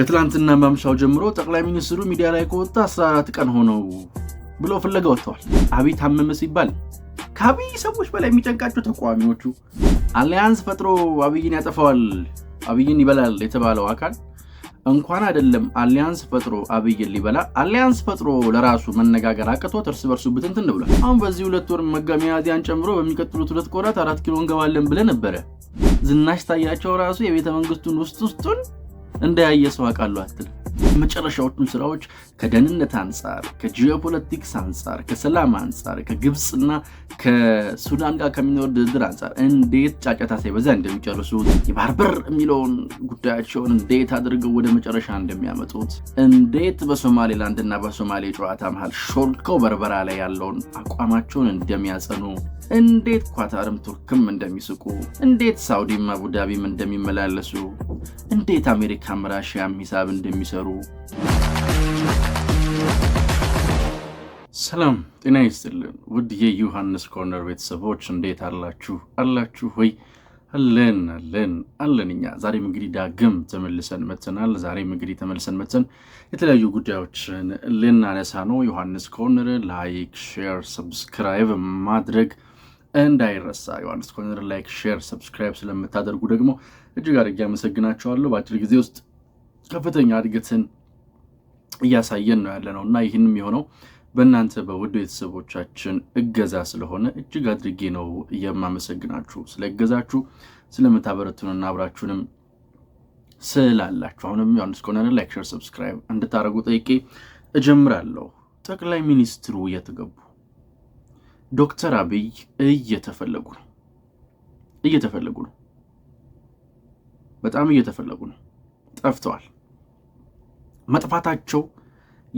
ከትላንትና ማምሻው ጀምሮ ጠቅላይ ሚኒስትሩ ሚዲያ ላይ ከወጣ 14 ቀን ሆነው ብለው ፍለጋ ወጥተዋል። አብይ ታመመ ሲባል ከአብይ ሰዎች በላይ የሚጨንቃቸው ተቃዋሚዎቹ አሊያንስ ፈጥሮ አብይን ያጠፋዋል፣ አብይን ይበላል የተባለው አካል እንኳን አይደለም አሊያንስ ፈጥሮ አብይን ሊበላ አሊያንስ ፈጥሮ ለራሱ መነጋገር አቅቶት እርስ በርሱ ብትንትን ብሏል። አሁን በዚህ ሁለት ወር መጋሚያዚያን ጨምሮ በሚቀጥሉት ሁለት ቆራት አራት ኪሎ እንገባለን ብለ ነበረ። ዝናሽ ታያቸው ራሱ የቤተ መንግስቱን ውስጥ ውስጡን እንደያየ ሰው አቃሉ አትል መጨረሻዎቹ ስራዎች ከደህንነት አንጻር፣ ከጂኦፖለቲክስ አንጻር፣ ከሰላም አንጻር፣ ከግብፅና ከሱዳን ጋር ከሚኖር ድርድር አንጻር እንዴት ጫጫታ ሳይበዛ እንደሚጨርሱት የባህር በር የሚለውን ጉዳያቸውን እንዴት አድርገው ወደ መጨረሻ እንደሚያመጡት እንዴት በሶማሌላንድና በሶማሌ ጨዋታ መሀል ሾልከው በርበራ ላይ ያለውን አቋማቸውን እንደሚያጸኑ እንዴት ኳታርም ቱርክም እንደሚስቁ፣ እንዴት ሳውዲም አቡዳቢም እንደሚመላለሱ፣ እንዴት አሜሪካም ራሽያም ሂሳብ እንደሚሰሩ። ሰላም ጤና ይስጥልን ውድ የዮሐንስ ኮርነር ቤተሰቦች እንዴት አላችሁ? አላችሁ ወይ? አለን አለን አለን። እኛ ዛሬም እንግዲህ ዳግም ተመልሰን መጥተናል። ዛሬም እንግዲህ ተመልሰን መጥተን የተለያዩ ጉዳዮችን ልናነሳ ነው። ዮሐንስ ኮርነር ላይክ፣ ሼር፣ ሰብስክራይብ ማድረግ እንዳይረሳ። ዮሐንስ ኮርነር ላይክ፣ ሼር፣ ሰብስክራይብ ስለምታደርጉ ደግሞ እጅግ አድርጌ አመሰግናቸዋለሁ። በአጭር ጊዜ ውስጥ ከፍተኛ እድገትን እያሳየን ነው ያለ ነው እና ይህንም የሆነው በእናንተ በውድ ቤተሰቦቻችን እገዛ ስለሆነ እጅግ አድርጌ ነው የማመሰግናችሁ። ስለገዛችሁ እገዛችሁ ስለምታበረቱንና አብራችሁንም ስላላችሁ አሁንም ዮሐንስ ኮርነርን ላይክ፣ ሼር፣ ሰብስክራይብ እንድታደርጉ ጠይቄ እጀምራለሁ። ጠቅላይ ሚኒስትሩ የት ገቡ? ዶክተር አብይ እየተፈለጉ ነው እየተፈለጉ ነው። በጣም እየተፈለጉ ነው። ጠፍተዋል። መጥፋታቸው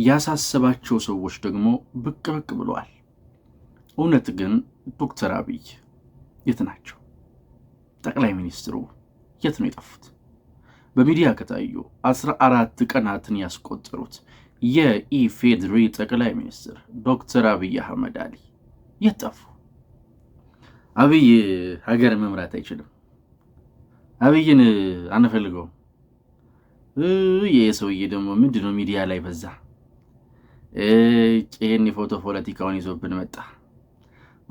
ያሳሰባቸው ሰዎች ደግሞ ብቅ ብቅ ብለዋል። እውነት ግን ዶክተር አብይ የት ናቸው? ጠቅላይ ሚኒስትሩ የት ነው የጠፉት? በሚዲያ ከታዩ አስራ አራት ቀናትን ያስቆጠሩት የኢፌድሪ ጠቅላይ ሚኒስትር ዶክተር አብይ አህመድ አሊ የት ጠፉ? አብይ ሀገር መምራት አይችልም። አብይን አንፈልገውም። ይህ ሰውዬ ደግሞ ምንድነው ሚዲያ ላይ በዛ ይህን የፎቶ ፖለቲካውን ይዞብን መጣ።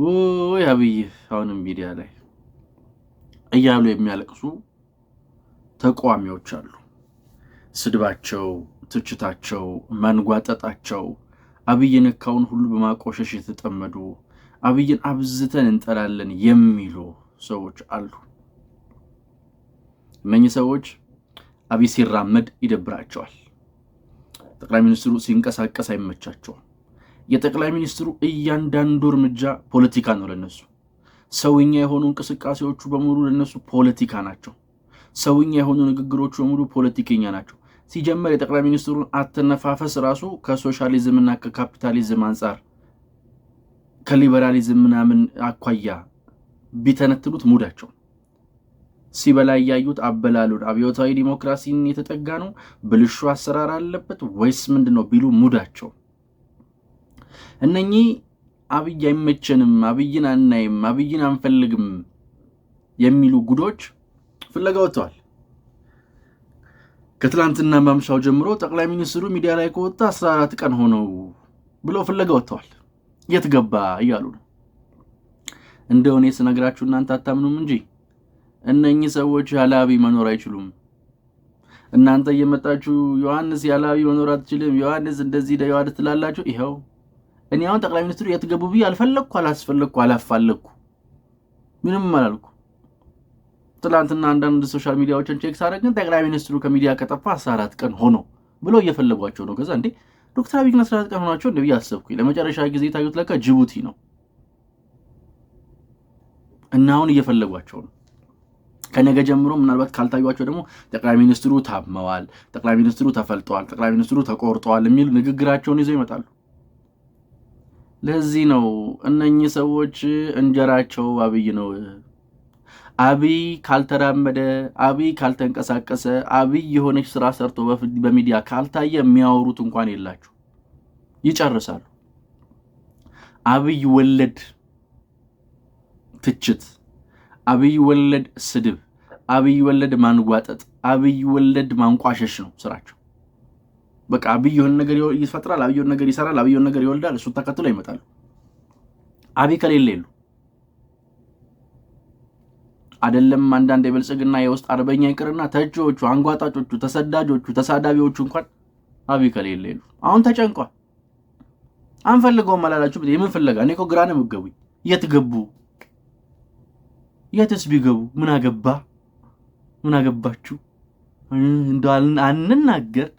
ወይ አብይ አሁንም ሚዲያ ላይ እያሉ የሚያለቅሱ ተቋሚዎች አሉ። ስድባቸው፣ ትችታቸው፣ ማንጓጠጣቸው አብይ ነካውን ሁሉ በማቆሸሽ የተጠመዱ አብይን አብዝተን እንጠላለን የሚሉ ሰዎች አሉ። እነኚህ ሰዎች አብይ ሲራመድ ይደብራቸዋል። ጠቅላይ ሚኒስትሩ ሲንቀሳቀስ አይመቻቸውም። የጠቅላይ ሚኒስትሩ እያንዳንዱ እርምጃ ፖለቲካ ነው ለነሱ። ሰውኛ የሆኑ እንቅስቃሴዎቹ በሙሉ ለነሱ ፖለቲካ ናቸው። ሰውኛ የሆኑ ንግግሮቹ በሙሉ ፖለቲከኛ ናቸው። ሲጀመር የጠቅላይ ሚኒስትሩን አተነፋፈስ ራሱ ከሶሻሊዝምና ከካፒታሊዝም አንጻር ከሊበራሊዝም ምናምን አኳያ ቢተነትኑት ሙዳቸው ሲበላ እያዩት አበላሉን አብዮታዊ ዲሞክራሲን የተጠጋ ነው፣ ብልሹ አሰራር አለበት ወይስ ምንድን ነው ቢሉ ሙዳቸው። እነኚህ አብይ አይመቸንም፣ አብይን አናይም፣ አብይን አንፈልግም የሚሉ ጉዶች ፍለጋ ወጥተዋል። ከትላንትና ማምሻው ጀምሮ ጠቅላይ ሚኒስትሩ ሚዲያ ላይ ከወጣ 14 ቀን ሆነው ብለው ፍለጋ ወጥተዋል። የት ገባ እያሉ ነው። እንደው እኔ ስነግራችሁ እናንተ አታምኑም እንጂ እነኚህ ሰዎች ያላቢ መኖር አይችሉም። እናንተ እየመጣችሁ ዮሐንስ ያላቢ መኖር አትችልም፣ ዮሐንስ እንደዚህ ደ ዮሐንስ ትላላችሁ። ይኸው እኔ አሁን ጠቅላይ ሚኒስትሩ የት ገቡ ብዬ አልፈለግኩ፣ አላስፈለግኩ፣ አላፋለግኩ፣ ምንም አላልኩ። ትላንትና አንዳንድ ሶሻል ሚዲያዎችን ቼክ ሳደርግ ጠቅላይ ሚኒስትሩ ከሚዲያ ከጠፋ አስራ አራት ቀን ሆኖ ብሎ እየፈለጓቸው ነው። ከዛ እንዴ ዶክተር አብይ ግን አስራ አራት ቀን ሆናቸው እንደ ብዬ አሰብኩኝ። ለመጨረሻ ጊዜ የታዩት ለካ ጅቡቲ ነው እና አሁን እየፈለጓቸው ነው። ከነገ ጀምሮ ምናልባት ካልታዩቸው ደግሞ ጠቅላይ ሚኒስትሩ ታመዋል፣ ጠቅላይ ሚኒስትሩ ተፈልጠዋል፣ ጠቅላይ ሚኒስትሩ ተቆርጠዋል የሚል ንግግራቸውን ይዘው ይመጣሉ። ለዚህ ነው እነኚህ ሰዎች እንጀራቸው አብይ ነው። አብይ ካልተራመደ አብይ ካልተንቀሳቀሰ አብይ የሆነች ስራ ሰርቶ በሚዲያ ካልታየ የሚያወሩት እንኳን የላችሁ ይጨርሳሉ። አብይ ወለድ ትችት፣ አብይ ወለድ ስድብ፣ አብይ ወለድ ማንጓጠጥ፣ አብይ ወለድ ማንቋሸሽ ነው ስራቸው። በቃ አብይ የሆነ ነገር ይፈጥራል፣ አብይ የሆነ ነገር ይሰራል፣ አብይ የሆነ ነገር ይወልዳል። እሱ ተከትሎ ይመጣሉ። አብይ ከሌለ የሉ አደለም አንዳንድ የብልጽግና የውስጥ አርበኛ ይቅርና ተቺዎቹ፣ አንጓጣጮቹ፣ ተሰዳጆቹ፣ ተሳዳቢዎቹ እንኳን አብይ ከሌለ የሉ። አሁን ተጨንቋል። አንፈልገውም አላላችሁ። የምን ፍለጋ እኔ እኮ ግራ ነው የምትገቡኝ። የት ገቡ? የትስ ቢገቡ ምን አገባ? ምን አገባችሁ? አንናገር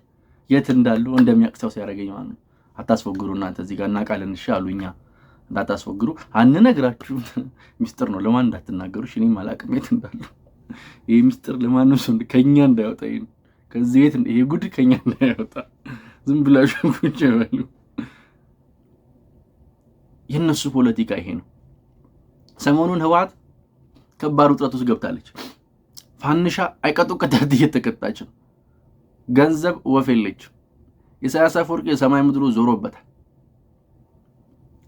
የት እንዳሉ እንደሚያቅሰው ሲያደርገኝ ማለት ነው። አታስፈግሩ እናንተ እዚህ ጋር እናቃለን። እሺ አሉኛ እንዳታስወግዱ አንነግራችሁ ሚስጥር ነው። ለማን እንዳትናገሩ እኔም አላቅም የት እንዳሉ። ይህ ሚስጥር ለማንም ሰው ከኛ እንዳያወጣ ከዚህ ቤት ይሄ ጉድ ከኛ እንዳይወጣ ዝም ብላችሁ ቁጭ በሉ። የእነሱ ፖለቲካ ይሄ ነው። ሰሞኑን ህወሓት ከባድ ውጥረት ውስጥ ገብታለች። ፋንሻ አይቀጡ ቅጣት እየተቀጣች ነው። ገንዘብ ወፍ የለችም። ኢሳያስ አፈወርቂ የሰማይ ምድሩ ዞሮበታል።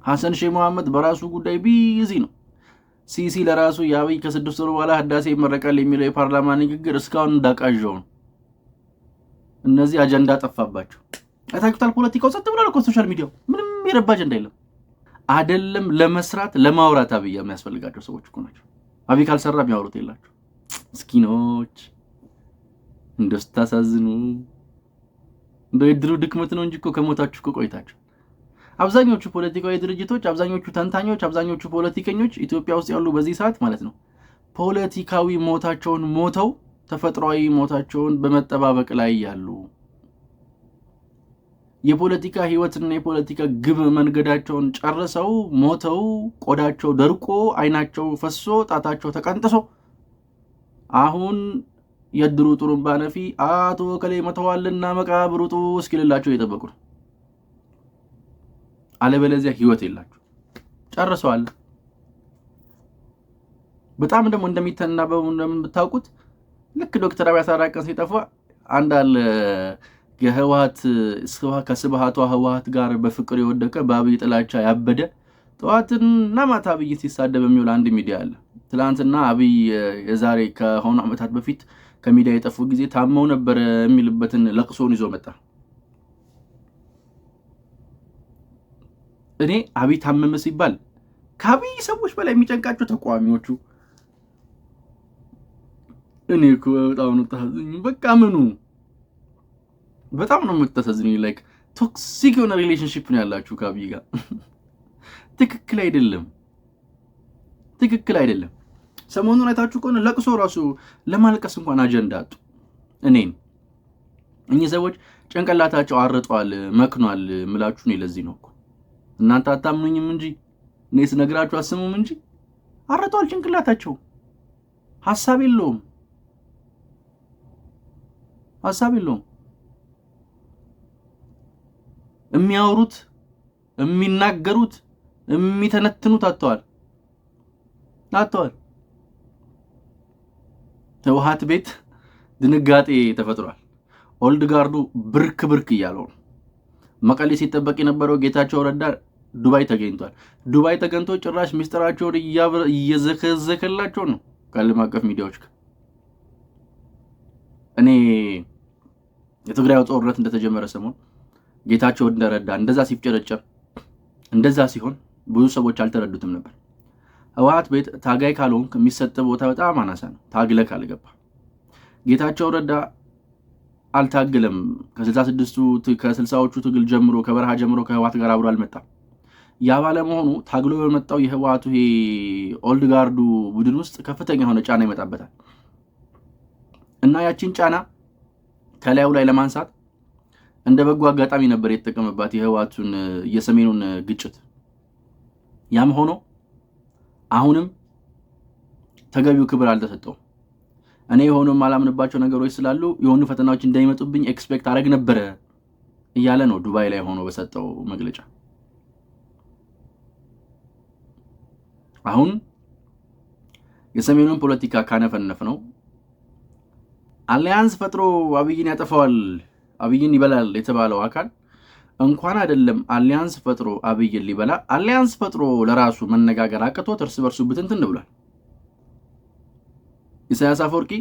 ሐሰን ሼህ መሐመድ በራሱ ጉዳይ ቢዚ ነው። ሲሲ ለራሱ የአብይ ከስድስት ወር በኋላ ህዳሴ ይመረቃል የሚለው የፓርላማ ንግግር እስካሁን እንዳቃዣው ነው። እነዚህ አጀንዳ ጠፋባቸው። አይታችሁታል። ፖለቲካው ጸጥ ብሏል እኮ ሶሻል ሚዲያው ምንም የረባ አጀንዳ የለም። አደለም ለመስራት ለማውራት አብይ የሚያስፈልጋቸው ሰዎች እኮ ናቸው። አብይ ካልሰራ የሚያወሩት የላቸው። ምስኪኖች እንደው ስታሳዝኑ፣ እንደው ድክመት ነው እንጂ እኮ ከሞታችሁ እኮ ቆይታቸው አብዛኞቹ ፖለቲካዊ ድርጅቶች፣ አብዛኞቹ ተንታኞች፣ አብዛኞቹ ፖለቲከኞች ኢትዮጵያ ውስጥ ያሉ በዚህ ሰዓት ማለት ነው ፖለቲካዊ ሞታቸውን ሞተው ተፈጥሯዊ ሞታቸውን በመጠባበቅ ላይ ያሉ የፖለቲካ ህይወትና የፖለቲካ ግብ መንገዳቸውን ጨርሰው ሞተው ቆዳቸው ደርቆ አይናቸው ፈሶ ጣታቸው ተቀንጥሶ አሁን የድሩ ጥሩምባ ነፊ አቶ ከሌ መተዋልና መቃብሩጡ እስኪልላቸው እየጠበቁ ነው። አለበለዚያ ህይወት የላችሁ ጨርሰዋል። በጣም ደግሞ እንደሚተናበቡ እንደምታውቁት ልክ ዶክተር አብይ አስራ አራት ቀን ሲጠፋ አንድ አለ የህወሀት ከስብሀቷ ህወሀት ጋር በፍቅር የወደቀ በአብይ ጥላቻ ያበደ ጠዋትና ማታ አብይ ሲሳደብ የሚውል አንድ ሚዲያ አለ። ትላንትና አብይ የዛሬ ከሆኑ ዓመታት በፊት ከሚዲያ የጠፉ ጊዜ ታመው ነበር የሚልበትን ለቅሶን ይዞ መጣ። እኔ አብይ ታመመ ሲባል ከአብይ ሰዎች በላይ የሚጨንቃቸው ተቃዋሚዎቹ። እኔ እኮ በጣም ነው ታዝኝ። በቃ ምኑ በጣም ነው የምታሳዝኝ። ላይክ ቶክሲክ የሆነ ሪሌሽንሽፕ ነው ያላችሁ ከአብይ ጋር። ትክክል አይደለም፣ ትክክል አይደለም። ሰሞኑን አይታችሁ ከሆነ ለቅሶ ራሱ ለማልቀስ እንኳን አጀንዳ አጡ። እኔን እኚህ ሰዎች ጭንቅላታቸው አርጧል፣ መክኗል ምላችሁ ነው። ለዚህ ነው እኮ እናንተ አታምኑኝም እንጂ እኔ ስነግራችሁ አስሙም እንጂ አረቷል። ጭንቅላታቸው ሀሳብ የለውም፣ ሀሳብ የለውም። የሚያወሩት የሚናገሩት የሚተነትኑት አጥተዋል አጥተዋል። ህወሓት ቤት ድንጋጤ ተፈጥሯል። ኦልድ ጋርዱ ብርክ ብርክ እያለው ነው። መቀሌ ሲጠበቅ የነበረው ጌታቸው ረዳ ዱባይ ተገኝቷል። ዱባይ ተገኝቶ ጭራሽ ምስጢራቸውን እየዘከዘከላቸው ነው ከዓለም አቀፍ ሚዲያዎች ጋር። እኔ የትግራይ ጦርነት እንደተጀመረ ሰሞን ጌታቸው እንደረዳ እንደዛ ሲፍጨረጨር እንደዛ ሲሆን ብዙ ሰዎች አልተረዱትም ነበር። ህወሓት ቤት ታጋይ ካልሆንክ የሚሰጥ ቦታ በጣም አናሳ ነው፣ ታግለ ካልገባ ጌታቸው ረዳ አልታገለም። ከ ዎቹ ትግል ጀምሮ ከበረሃ ጀምሮ ከህወሓት ጋር አብሮ አልመጣም። ያ ባለመሆኑ ታግሎ በመጣው የህወሓቱ ይሄ ኦልድ ጋርዱ ቡድን ውስጥ ከፍተኛ የሆነ ጫና ይመጣበታል እና ያችን ጫና ከላዩ ላይ ለማንሳት እንደ በጎ አጋጣሚ ነበር የተጠቀመባት የህወሓቱን የሰሜኑን ግጭት። ያም ሆኖ አሁንም ተገቢው ክብር አልተሰጠውም። እኔ የሆኑ የማላምንባቸው ነገሮች ስላሉ የሆኑ ፈተናዎች እንዳይመጡብኝ ኤክስፔክት አረግ ነበረ እያለ ነው ዱባይ ላይ ሆኖ በሰጠው መግለጫ። አሁን የሰሜኑን ፖለቲካ ካነፈነፍ ነው አሊያንስ ፈጥሮ አብይን ያጠፋዋል አብይን ይበላል የተባለው አካል እንኳን አይደለም አሊያንስ ፈጥሮ አብይን ሊበላ አሊያንስ ፈጥሮ ለራሱ መነጋገር አቅቶት እርስ በርሱ ብትንትን ብሏል። ኢሳያስ አፈወርቂ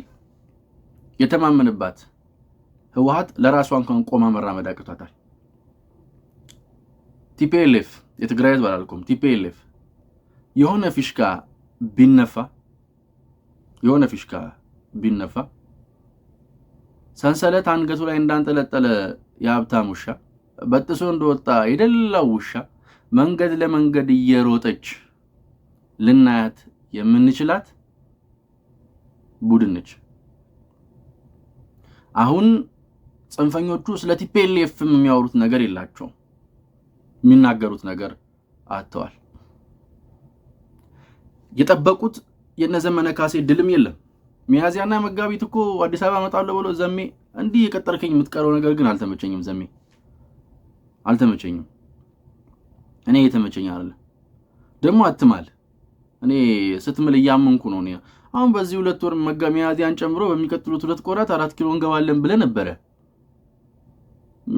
የተማመንባት ህወሀት ለራሷ እንኳን ቆማ መራመድ አቅቷታል። ቲፒኤልኤፍ የትግራይ ህዝብ አላልኩም። ቲፒኤልኤፍ የሆነ ፊሽካ ቢነፋ የሆነ ፊሽካ ቢነፋ ሰንሰለት አንገቱ ላይ እንዳንጠለጠለ የሀብታም ውሻ በጥሶ እንደወጣ የደላው ውሻ መንገድ ለመንገድ እየሮጠች ልናያት የምንችላት ቡድን ነች። አሁን ጽንፈኞቹ ስለ ቲፒኤልኤፍም የሚያወሩት ነገር የላቸው፣ የሚናገሩት ነገር አጥተዋል። የጠበቁት የነዘመነ ካሴ ድልም የለም። ሚያዚያና መጋቢት እኮ አዲስ አበባ እመጣለሁ ብሎ ዘሜ እንዲህ የቀጠርከኝ የምትቀረው ነገር ግን አልተመቸኝም። ዘሜ አልተመቸኝም። እኔ የተመቸኝ አይደለም። ደግሞ አትማል። እኔ ስትምል እያመንኩ ነው። አሁን በዚህ ሁለት ወር መጋሚያዚያን ጨምሮ በሚቀጥሉት ሁለት ቆራት አራት ኪሎ እንገባለን ብለህ ነበረ።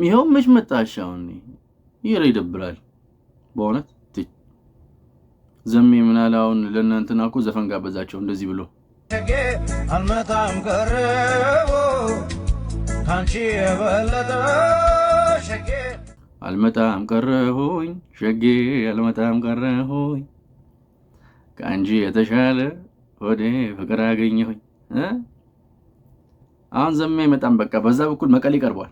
ይኸው መች መጣሽ? አሁን ይረ ይደብራል በእውነት ዘሜ ምናል አሁን ለእናንትና እኮ ዘፈን ጋበዛቸው እንደዚህ ብሎ አልመጣም ቀረው ካንቺ የበለጠ ሸጌ አልመጣም ቀረሁኝ ሸጌ አልመጣም ቀረሁኝ ከአንቺ የተሻለ ወደ ፍቅር አገኘሁኝ። አሁን ዘመቻ አይመጣም። በቃ በዛ በኩል መቀሌ ቀርቧል።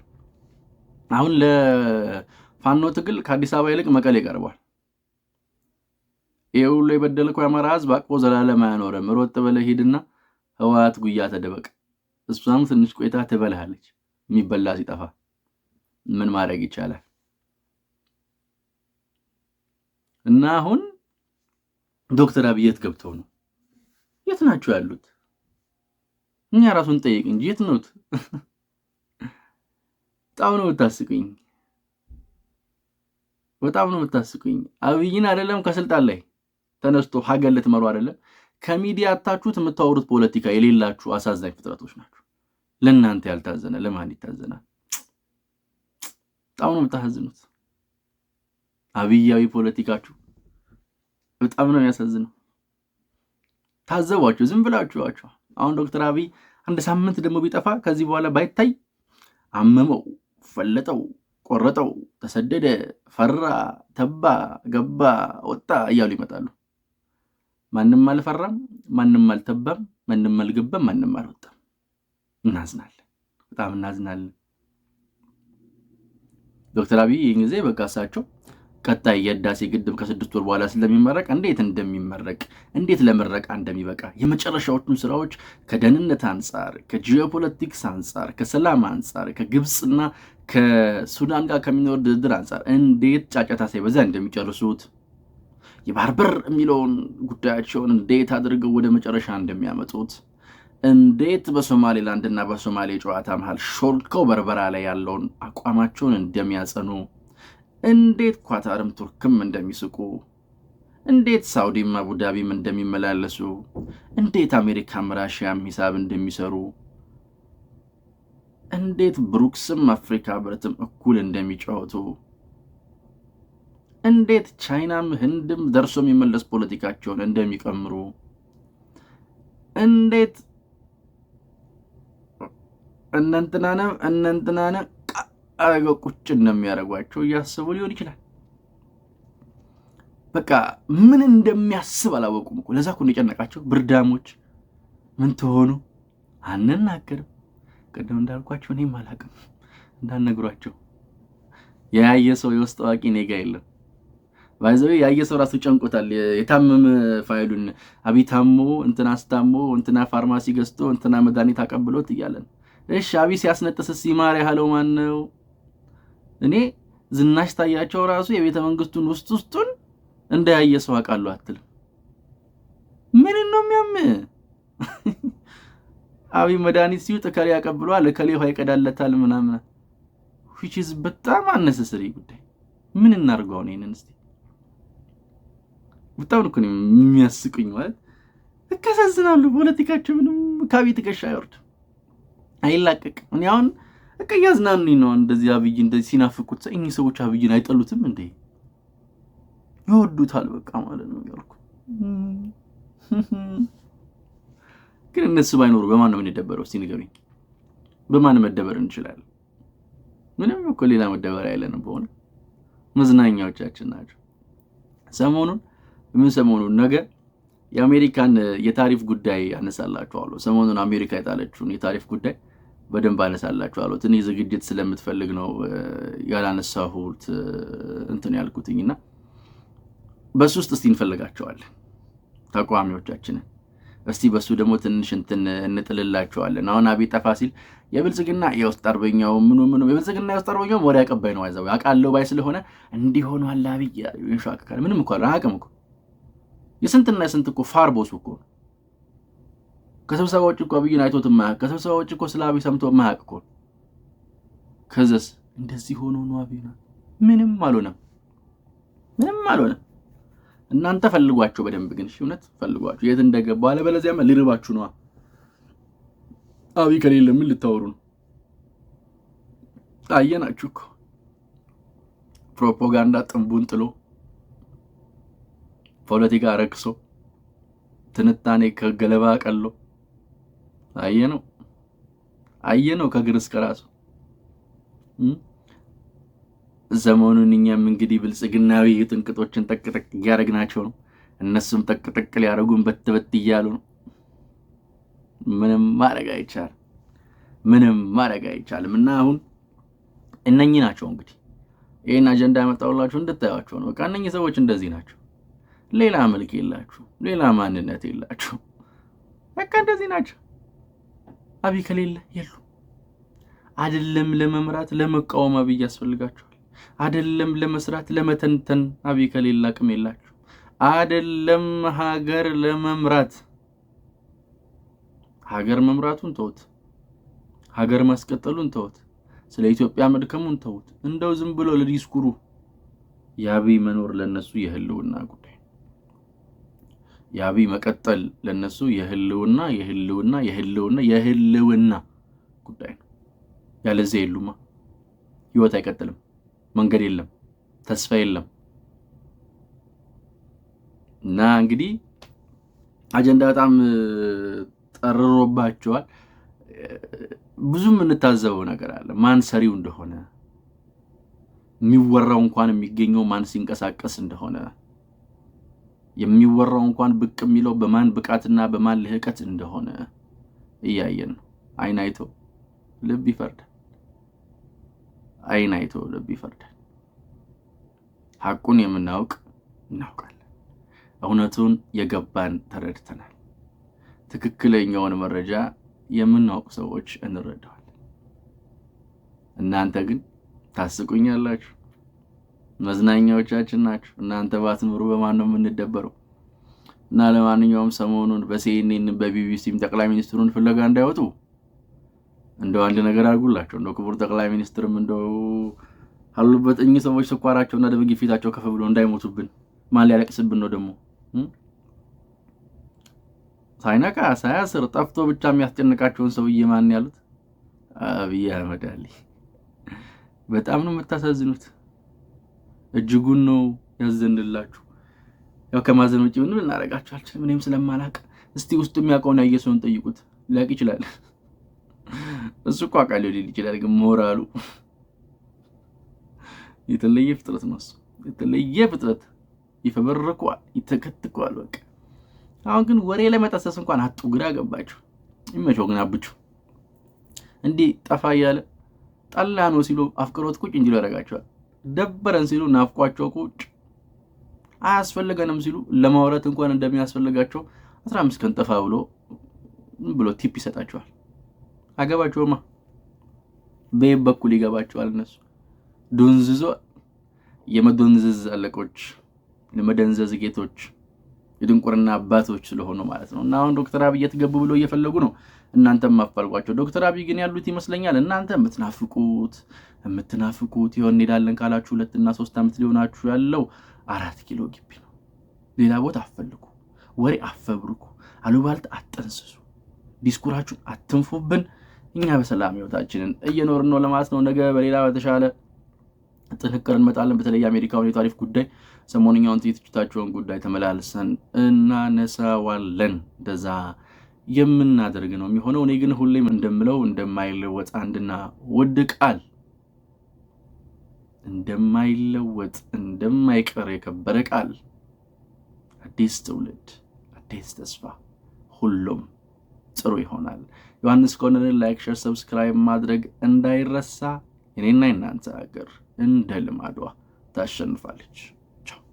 አሁን ለፋኖ ትግል ከአዲስ አበባ ይልቅ መቀሌ ቀርቧል። ይህ ሁሉ የበደልኩ የአማራ ሕዝብ አቅፎ ዘላለም አያኖርም። ሮጥ በለህ ሂድና ህወሓት ጉያ ተደበቅ። እሷም ትንሽ ቆይታ ትበልሃለች። የሚበላ ሲጠፋ ምን ማድረግ ይቻላል? እና አሁን ዶክተር አብየት ገብተው ነው የት ናቸው ያሉት? እኛ ራሱን ጠይቅ እንጂ የት ነውት? በጣም ነው የምታስቁኝ፣ በጣም ነው የምታስቁኝ። አብይን አይደለም ከስልጣን ላይ ተነስቶ ሀገር ልትመሩ አይደለም ከሚዲያ አታችሁት የምታወሩት ፖለቲካ የሌላችሁ አሳዛኝ ፍጥረቶች ናችሁ። ለእናንተ ያልታዘነ ለማን ይታዘናል? በጣም ነው የምታሳዝኑት። አብያዊ ፖለቲካችሁ በጣም ነው የሚያሳዝነው። ታዘቧቸው፣ ዝም ብላችኋቸው። አሁን ዶክተር አብይ አንድ ሳምንት ደግሞ ቢጠፋ ከዚህ በኋላ ባይታይ አመመው፣ ፈለጠው፣ ቆረጠው፣ ተሰደደ፣ ፈራ፣ ተባ፣ ገባ፣ ወጣ እያሉ ይመጣሉ። ማንም አልፈራም፣ ማንም አልተባም፣ ማንም አልገባም፣ ማንም አልወጣም። እናዝናለን፣ በጣም እናዝናለን። ዶክተር አብይ ይህን ጊዜ በቃ እሳቸው ቀጣይ የህዳሴ ግድብ ከስድስት ወር በኋላ ስለሚመረቅ እንዴት እንደሚመረቅ እንዴት ለምረቃ እንደሚበቃ የመጨረሻዎቹን ስራዎች ከደህንነት አንጻር፣ ከጂኦፖለቲክስ አንጻር፣ ከሰላም አንጻር፣ ከግብፅና ከሱዳን ጋር ከሚኖር ድርድር አንጻር እንዴት ጫጫታ ሳይበዛ እንደሚጨርሱት የባህር በር የሚለውን ጉዳያቸውን እንዴት አድርገው ወደ መጨረሻ እንደሚያመጡት እንዴት በሶማሌላንድና በሶማሌ ጨዋታ መሃል ሾልከው በርበራ ላይ ያለውን አቋማቸውን እንደሚያጸኑ እንዴት ኳታርም ቱርክም እንደሚስቁ፣ እንዴት ሳውዲም አቡዳቢም እንደሚመላለሱ፣ እንዴት አሜሪካም ራሽያም ሂሳብ እንደሚሰሩ፣ እንዴት ብሩክስም አፍሪካ ህብረትም እኩል እንደሚጫወቱ፣ እንዴት ቻይናም ህንድም ደርሶ የሚመለስ ፖለቲካቸውን እንደሚቀምሩ፣ እንዴት እነንትናንም እነንትናንም አረገው ቁጭ እንደሚያደርጓቸው እያሰቡ ሊሆን ይችላል። በቃ ምን እንደሚያስብ አላወቁም እኮ። ለዛ እኮ እንደጨነቃቸው ብርዳሞች ምን ትሆኑ አንናገርም። ቅድም እንዳልኳቸው እኔም አላቅም እንዳነግሯቸው። የያየ ሰው የውስጥ አዋቂ ኔጋ የለም። ባይዘዌ ያየ ሰው ራሱ ጨንቆታል። የታመመ ፋይሉን አቢታሞ እንትና አስታሞ እንትና ፋርማሲ ገዝቶ እንትና መድኃኒት አቀብሎት እያለን እሺ አቢ ሲያስነጥስ ሲማር ያህለው ማን ነው? እኔ ዝናሽ ታያቸው ራሱ የቤተ መንግስቱን ውስጥ ውስጡን እንዳያየ ሰው አውቃለሁ አትልም። ምን ነው የሚያም አብይ መድኃኒት ሲውጥ እከሌ ያቀብለዋል፣ እከሌ ውሃ ይቀዳለታል ምናምን ዊች በጣም አነሰስሪ ጉዳይ። ምን እናድርገው? ይህንን እስኪ በጣም እኮ የሚያስቁኝ ማለት እከሳዝናሉ። ፖለቲካቸው ምንም ከአብይ ትከሻ አይወርድም፣ አይላቀቅም። እኔ አሁን በቃ እያዝናኑኝ ነው። እንደዚህ አብይ እንደዚህ ሲናፍቁት እኚህ ሰዎች አብይን አይጠሉትም እንዴ? ይወዱታል በቃ ማለት ነው ያልኩ። ግን እነሱ ባይኖሩ በማን ነው የምንደበረው? እስቲ ንገሩኝ። በማን መደበር እንችላለን? ምንም እኮ ሌላ መደበር አይለንም። በሆነ መዝናኛዎቻችን ናቸው። ሰሞኑን ምን ሰሞኑን ነገር የአሜሪካን የታሪፍ ጉዳይ ያነሳላችኋለሁ። ሰሞኑን አሜሪካ የጣለችውን የታሪፍ ጉዳይ በደንብ አነሳላችሁ አሉት። እኔ ዝግጅት ስለምትፈልግ ነው ያላነሳሁት እንትን ያልኩትኝ እና በሱ ውስጥ እስቲ እንፈልጋቸዋለን ተቃዋሚዎቻችንን እስቲ በሱ ደግሞ ትንሽ እንትን እንጥልላቸዋለን። አሁን አብይ ጠፋ ሲል የብልጽግና የውስጥ አርበኛው ምኑ ምኑ የብልጽግና የውስጥ አርበኛው ወሬ አቀባይ ነው። ዘው አቃለው ባይ ስለሆነ እንዲሆኑ አለ አብይ ይንሻካል። ምንም እኳ አቅም እኮ የስንትና የስንት እኮ ፋርቦስ እኮ ነው ከስብሰባዎች እኮ አብይን አይቶት ማያውቅ ከስብሰባዎች እኮ ስለ አብይ ሰምቶ ማያውቅ እኮ ከዘስ እንደዚህ ሆኖ ነው አብይና ምንም አልሆነም፣ ምንም አልሆነም። እናንተ ፈልጓቸው በደንብ ግን እውነት ፈልጓቸው የት እንደገባ አለበለዚያማ ሊርባችሁ ነዋ። አብይ ከሌለ ምን ልታወሩ ነው? አየናችሁ እኮ ፕሮፓጋንዳ ጥንቡን ጥሎ ፖለቲካ ረክሶ ትንታኔ ከገለባ ቀሎ አየ ነው አየ ነው ከግር እስከ ራሱ ዘመኑን እኛም እንግዲህ ብልጽግናዊ ጥንቅጦችን ጠቅጠቅ እያደረግናቸው ነው። እነሱም ጠቅጠቅ በት በትበት እያሉ ነው። ምንም ማድረግ አይቻልም። ምንም ማድረግ አይቻልም። እና አሁን እነኚህ ናቸው እንግዲህ ይህን አጀንዳ ያመጣውላችሁ እንድታዩቸው ነው። በቃ እነኚህ ሰዎች እንደዚህ ናቸው። ሌላ መልክ የላችሁ፣ ሌላ ማንነት የላችሁ። በቃ እንደዚህ ናቸው። አብይ ከሌለ የሉ አይደለም። ለመምራት ለመቃወም አብይ ያስፈልጋቸዋል። አይደለም ለመስራት ለመተንተን አብይ ከሌለ አቅም የላቸው። አይደለም ሀገር ለመምራት ሀገር መምራቱን ተውት፣ ሀገር ማስቀጠሉን ተውት፣ ስለ ኢትዮጵያ መድከሙን ተውት። እንደው ዝም ብሎ ለዲስኩሩ የአብይ መኖር ለነሱ የህልውና የአብይ መቀጠል ለነሱ የህልውና የህልውና የህልውና የህልውና ጉዳይ ነው። ያለዚያ የሉማ፣ ህይወት አይቀጥልም፣ መንገድ የለም፣ ተስፋ የለም። እና እንግዲህ አጀንዳ በጣም ጠርሮባቸዋል። ብዙ የምንታዘበው ነገር አለ። ማን ሰሪው እንደሆነ የሚወራው እንኳን የሚገኘው ማን ሲንቀሳቀስ እንደሆነ የሚወራው እንኳን ብቅ የሚለው በማን ብቃትና በማን ልህቀት እንደሆነ እያየን ነው። አይን አይቶ ልብ ይፈርዳል። አይን አይቶ ልብ ይፈርዳል። ሐቁን የምናውቅ እናውቃለን። እውነቱን የገባን ተረድተናል። ትክክለኛውን መረጃ የምናውቅ ሰዎች እንረዳዋለን። እናንተ ግን ታስቁኛላችሁ። መዝናኛዎቻችን ናችሁ። እናንተ ባትኖሩ በማን ነው የምንደበረው? እና ለማንኛውም ሰሞኑን በሲኤንኤን በቢቢሲም ጠቅላይ ሚኒስትሩን ፍለጋ እንዳይወጡ እንደው አንድ ነገር አድርጉላቸው። እንደው ክቡር ጠቅላይ ሚኒስትርም እንደው አሉበት እኚህ ሰዎች እና ደም ግፊታቸው ከፍ ብሎ እንዳይሞቱብን። ማን ሊያለቅስብን ነው ደግሞ ሳይነቃ ሳያስር ጠፍቶ ብቻ የሚያስጨንቃቸውን ሰውዬ ማን ያሉት? አብይ አህመድ አሊ። በጣም ነው የምታሳዝኑት። እጅጉን ነው ያዘንላችሁ። ያው ከማዘን ውጭ ምንም ልናደርጋችሁ አልችልም። እኔም ስለማላቅ እስቲ ውስጡ የሚያውቀውን ያየ ሰውን ጠይቁት፣ ሊያውቅ ይችላል። እሱ እኮ አውቃለሁ ሊል ይችላል፣ ግን ሞራሉ የተለየ ፍጥረት ነው። እሱ የተለየ ፍጥረት ይፈበረቀዋል፣ ይተከትከዋል። በቃ አሁን ግን ወሬ ለመጠሰስ እንኳን አጡ። ግራ ገባችሁ። ይመቸው ግን አብቹ እንዲህ ጠፋ እያለ ጠላ ነው ሲሉ አፍቅሮት ቁጭ እንዲሉ ያደርጋቸዋል። ደበረን ሲሉ ናፍቋቸው ቁጭ አያስፈልገንም ሲሉ ለማውረት እንኳን እንደሚያስፈልጋቸው አስራ አምስት ቀን ጠፋ ብሎ ብሎ ቲፕ ይሰጣቸዋል። አገባቸውማ በይህ በኩል ይገባቸዋል። እነሱ ዶንዝዞ የመዶንዝዝ አለቆች የመደንዘዝ ጌቶች የድንቁርና አባቶች ስለሆኑ ማለት ነው። እና አሁን ዶክተር አብይ የት ገቡ ብሎ እየፈለጉ ነው። እናንተ የማፈልጓቸው ዶክተር አብይ ግን ያሉት ይመስለኛል። እናንተ የምትናፍቁት የምትናፍቁት ይሆን እንሄዳለን ካላችሁ ሁለትና ሶስት ዓመት ሊሆናችሁ ያለው አራት ኪሎ ግቢ ነው። ሌላ ቦታ አፈልጉ፣ ወሬ አፈብርኩ፣ አሉባልት አጠንስሱ፣ ዲስኩራችሁን አትንፉብን። እኛ በሰላም ህይወታችንን እየኖርን ነው ለማለት ነው። ነገ በሌላ በተሻለ ጥንቅር እንመጣለን። በተለይ አሜሪካውን የታሪፍ ጉዳይ ሰሞንኛውን ትችታቸውን ጉዳይ ተመላልሰን እናነሳዋለን። እንደዛ የምናደርግ ነው የሚሆነው። እኔ ግን ሁሌም እንደምለው እንደማይለወጥ አንድና ውድ ቃል እንደማይለወጥ እንደማይቀር የከበረ ቃል አዲስ ትውልድ አዲስ ተስፋ ሁሉም ጥሩ ይሆናል። ዮሐንስ ኮርነርን ላይክ፣ ሸር፣ ሰብስክራይብ ማድረግ እንዳይረሳ። የኔና የናንተ ሀገር እንደ ልማዷ ታሸንፋለች። ቻው